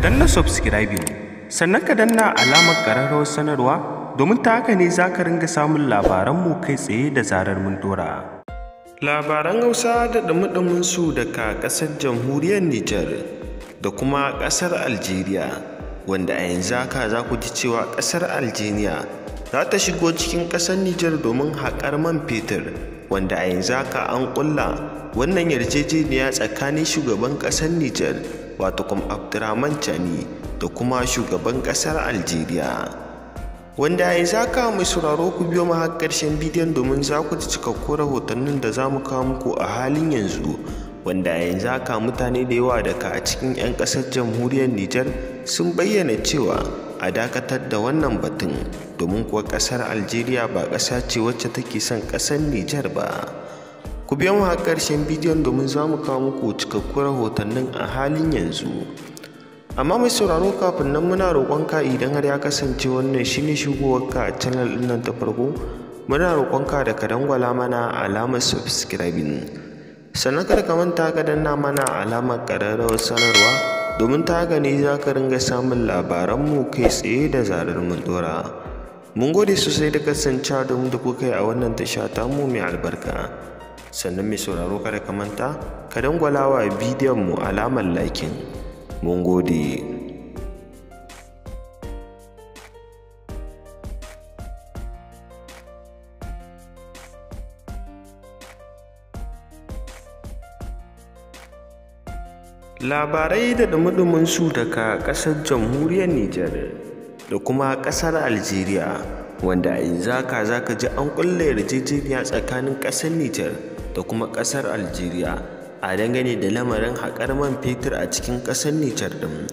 danna subscribing sannan ka danna alamar ƙararrawar sanarwa domin ta haka ne za ka ringa samun labaranmu kai tsaye da zarar mun dora. Labaran Hausa da ɗumi su daga ƙasar jamhuriyar Nijar da kuma ƙasar Algeria wanda a yanzu haka za ku ji cewa ƙasar Algeria za ta shigo cikin ƙasar Nijar domin haƙar man fetur wanda a yanzu haka an ƙulla wannan yarjejeniya tsakanin shugaban ƙasar Nijar wato kuma abdurrahman chani da kuma shugaban kasar algeria wanda ya ka mai sauraro ku biyo mu har ƙarshen bidiyon domin za ku cika cikakkun rahotannin da za mu kawo muku a halin yanzu wanda za ka mutane da yawa daga a cikin 'yan ƙasar jamhuriyar Nijar sun bayyana cewa a dakatar da wannan batun domin kuwa ƙasar Algeria ba ƙasa ce wacce take son ƙasar Nijar ba. Ku biyo mu har ƙarshen bidiyon domin za mu kawo muku cikakkun rahotannin a halin yanzu. Amma mai sauraro kafin nan muna roƙonka idan har ya kasance wannan shine shigowarka a canal ɗin nan ta farko, muna roƙonka da ka dangwala mana alamar subscribing. Sannan kada ka manta ka danna mana alamar ƙararrawar sanarwa domin ta gani za ka ringa samun labaranmu kai tsaye da zarar mu ɗora. Mun gode sosai da kasancewa da da kuka yi a wannan tasha tamu mai albarka. sannan mai sauraro kada ka manta ka dangwala wa bidiyonmu alamar lakin mun gode labarai da dumudumin su daga kasar jamhuriyar Nijar da kuma kasar Algeria wanda a yanzu zaka za ji an ƙulla yarjejeniya tsakanin ƙasar Nijar da kuma ƙasar algeria a dangane da lamarin haƙar man fetur a cikin ƙasar nijar ɗin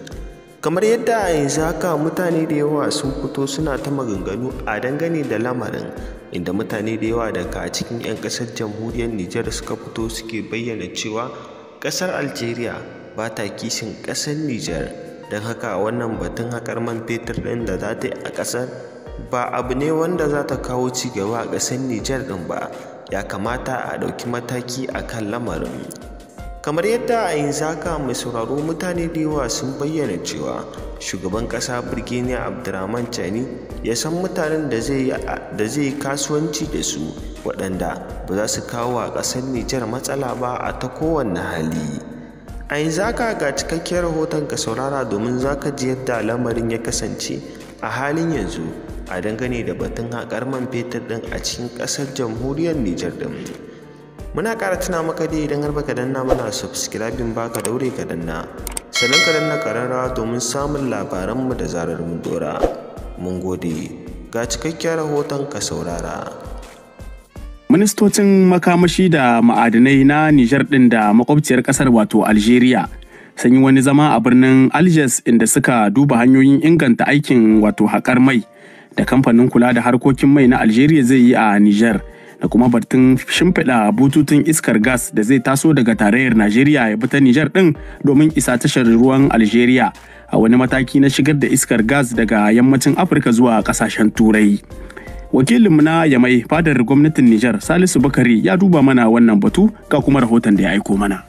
kamar yadda a yanzu haka mutane da yawa sun fito suna ta maganganu a dangane da lamarin inda mutane da yawa daga cikin 'yan ƙasar jamhuriyar nijar suka fito suke bayyana cewa ƙasar algeria ba ta kishin ƙasar nijar don haka wannan batun haƙar man fetur ɗin da za ta yi a ƙasar ba abu ne wanda za ta kawo ci gaba a ƙasar Nijar ɗin ba ya kamata a ɗauki mataki a kan lamarin kamar yadda a yin zaka mai sauraro mutane da yawa sun bayyana cewa shugaban ƙasa birginia abdurrahman chani ya san mutanen da zai yi kasuwanci da su waɗanda ba za su kawo wa ƙasar nijar matsala ba a ta kowanne hali a yin zaka ga cikakkiyar rahoton ka saurara domin za ka ji yadda lamarin ya kasance a halin yanzu a dangane da batun haƙar man fetur ɗin a cikin ƙasar jamhuriyar Nijar ɗin. Muna ƙara tuna maka dai idan har baka danna mana subscribing ba daure ka danna. Sannan ka danna ƙararrawa domin samun labaranmu da zarar mun dora. Mun gode. Ga cikakken rahoton ka saurara. Ministocin makamashi da ma'adanai na Nijar ɗin da makwabciyar ƙasar wato Algeria sun yi wani zama a birnin Algiers inda suka duba hanyoyin inganta aikin wato haƙar mai. da kamfanin kula da harkokin mai na Algeria zai yi a Niger da kuma batun shimfiɗa bututun iskar gas da zai taso daga tarayyar Najeriya ya bi ta Niger ɗin domin isa tashar ruwan Algeria a wani mataki na shigar da iskar gas daga yammacin Afirka zuwa ƙasashen Turai. Wakilinmu na Yamai fadar gwamnatin Nijar Salisu Bakari ya duba mana wannan batu ga kuma rahoton da ya aiko mana.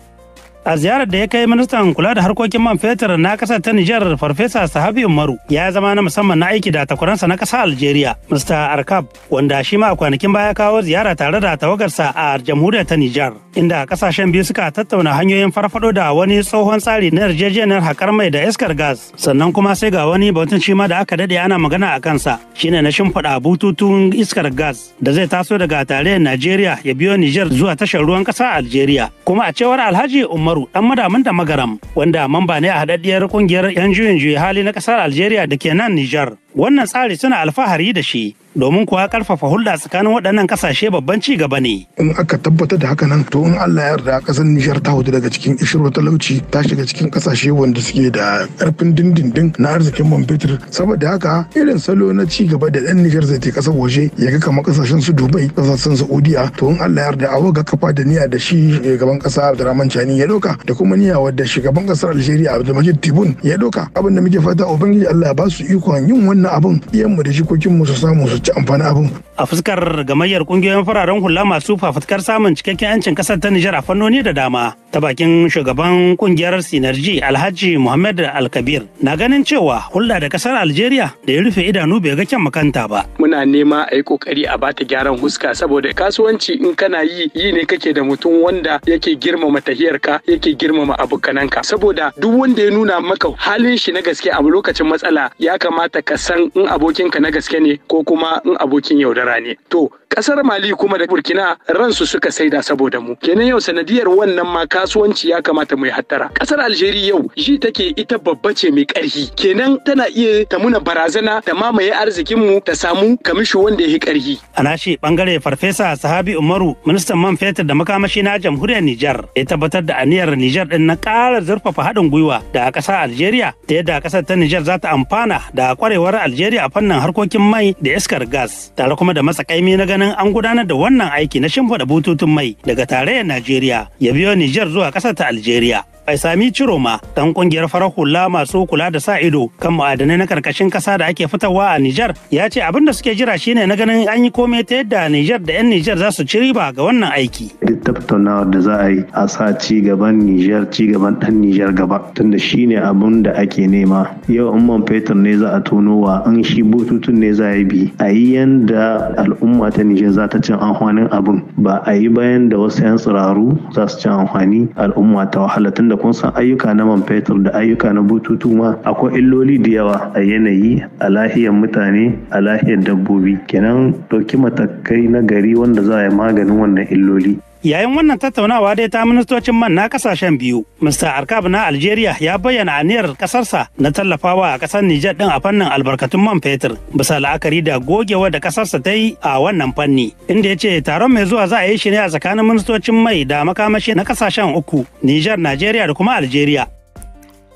a ziyarar da ya kai ministan kula da harkokin man fetur na kasar ta Nijar Farfesa Sahabi Umaru ya zama na musamman na aiki da takwaransa na kasar Algeria Mr. Arkab wanda shi ma a kwanakin baya kawo ziyara tare da tawagarsa a jamhuriyar ta Nijar inda ƙasashen biyu suka tattauna hanyoyin farfado da wani tsohon tsari na yarjejeniyar hakar mai da iskar gas sannan kuma sai ga wani batun shi ma da aka dade ana magana a kansa shine na shimfiɗa bututun iskar gas da zai taso daga tarayyar Najeriya ya biyo Nijar zuwa tashar ruwan ƙasa Algeria kuma a cewar Alhaji Umaru Umaru dan madamin da magaram wanda mamba ne a haɗaɗɗiyar kungiyar 'yan juyin juyi hali na ƙasar Algeria da ke nan Nijar. Wannan tsari suna alfahari da shi domin kuwa karfafa hulɗa tsakanin waɗannan kasashe babban ci gaba ne. In aka tabbatar da haka nan to in Allah ya yarda ƙasar Nijar ta hudu daga cikin ishirwa talauci ta shiga cikin kasashe wanda suke da ƙarfin dindindin na arzikin man fetur saboda haka irin salo na ci gaba da ɗan Nijar zai ta ƙasar waje ya ga kamar ƙasashen su Dubai ƙasashen Saudiya to in Allah ya yarda a waga kafa da niyya da shi shugaban ƙasa Abdurrahman Chani ya doka da kuma niyya wadda shugaban ƙasar Algeria Abdulmajid Tibun ya doka abin da muke fata Ubangiji Allah ya ba su ikon yin wannan abin iyan mu da jikokin mu su samu su ci amfani abin a fuskar gamayyar kungiyoyin fararen hula masu fafutukar samun cikakken 'yancin kasar ta Nijar a fannoni da dama ta bakin shugaban kungiyar Sinarji Alhaji Muhammad Alkabir na ganin cewa hulɗa da kasar Algeria da ya rufe idanu bai ga kyan makanta ba. Muna nema a yi kokari a bata gyaran huska saboda kasuwanci in kana yi yi ne kake da mutum wanda yake girmama tahiyarka yake girmama abokananka saboda duk wanda ya nuna maka halin shi na gaske a lokacin matsala ya kamata ka san in abokinka na gaske ne ko kuma in abokin yaudara грани, ту kasar mali kuma da burkina ransu suka saida saboda mu kenan yau sanadiyar wannan ma kasuwanci ya kamata mu hattara kasar Aljeri yau ji take ita babba ce mai karhi kenan tana iya ta muna barazana ta mamaye arzikin mu ta samu kamishi wanda ya yi karhi a shi bangare farfesa sahabi umaru ministan man fetur da makamashi na jamhuriyar nijar ya tabbatar da aniyar nijar din na ƙara zurfafa haɗin gwiwa da a ƙasar algeria ta yadda ƙasar ta nijar za ta amfana da kwarewar algeria a fannin harkokin mai da iskar gas tare kuma da matsakaimi na ganin an gudanar da wannan aiki na shimfiɗa bututun mai daga tarayyar Najeriya ya biyo Nijar zuwa ƙasar ta Algeria. Faisami Ciroma dan kungiyar farar hula masu kula da sa ido kan ma'adanai na karkashin kasa da ake fitarwa a Nijar ya ce abin da suke jira shine na ganin an yi komai ta yadda Nijar da 'yan Nijar za su ci riba ga wannan aiki. tattaunawa da za a yi a sa ci gaban Nijar ci gaban ɗan Nijar gaba tunda shine abin da ake nema. Yau in man fetur ne za a tonowa an shi bututun ne za a bi a yi yanda al'umma ta Nijar za ta cin amfanin abin ba a yi bayan da wasu 'yan tsiraru za su cin amfani al'umma ta wahala tunda kun san ayyuka na man fetur da ayyuka na bututu ma akwai illoli da yawa a yanayi a lahiyar mutane a lahiyar dabbobi kenan ɗauki matakai na gari wanda za a yi maganin wannan illoli Yayin wannan tattaunawa dai ta ministocin man na kasashen biyu, Mr. Arkab na Algeria ya bayyana aniyar kasarsa na tallafawa a kasar Nijar din a fannin albarkatun man fetur, bisa la'akari da gogewa da kasarsa ta yi a wannan fanni. Inda ya ce taron mai zuwa za a yi shi ne a tsakanin ministocin mai da makamashi na kasashen uku, Nijar, Najeriya da kuma Algeria.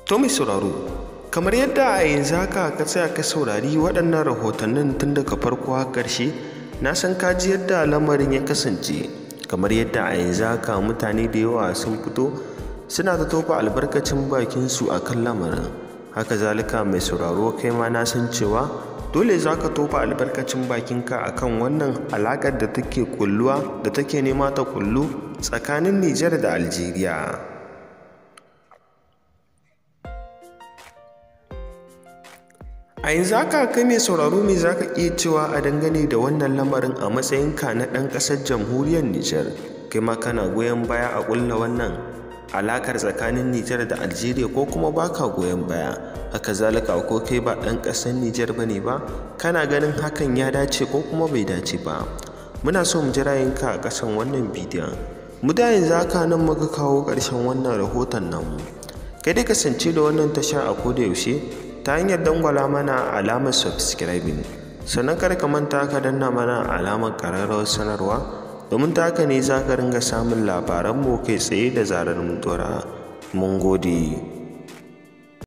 To sauraro, kamar yadda a yanzu haka ka tsaya ka saurari waɗannan rahotannin tun daga farko har ƙarshe na san ka ji yadda lamarin ya kasance kamar yadda a yanzu haka mutane da yawa sun fito suna ta tofa albarkacin bakinsu a kan lamarin haka zalika mai sauraro kai ma na san cewa dole za ka tofa albarkacin bakinka a kan wannan alaƙar da take kulluwa da take nema ta kullu tsakanin nijar da algeria A yanzu haka kai mai sauraro mai zaka ka iya cewa a dangane da wannan lamarin a matsayinka na ɗan ƙasar jamhuriyar Nijar, kai ma kana goyon baya a ƙulla wannan alakar tsakanin Nijar da Algeria ko kuma baka goyon baya. Haka zalika ko kai ba ɗan ƙasar Nijar ba ne ba, kana ganin hakan ya dace ko kuma bai dace ba. Muna so mu ji ra'ayinka a ƙasan wannan bidiyon. Mu da yanzu haka nan muka kawo ƙarshen wannan rahoton namu. Kai dai kasance da wannan tasha a koda yaushe ta hanyar dangwala mana alamar subscribing sannan kar ka manta ka danna mana alamar ƙararrawar sanarwa domin ta haka ne za ka ringa samun labaranmu kai tsaye da zarar mun mun gode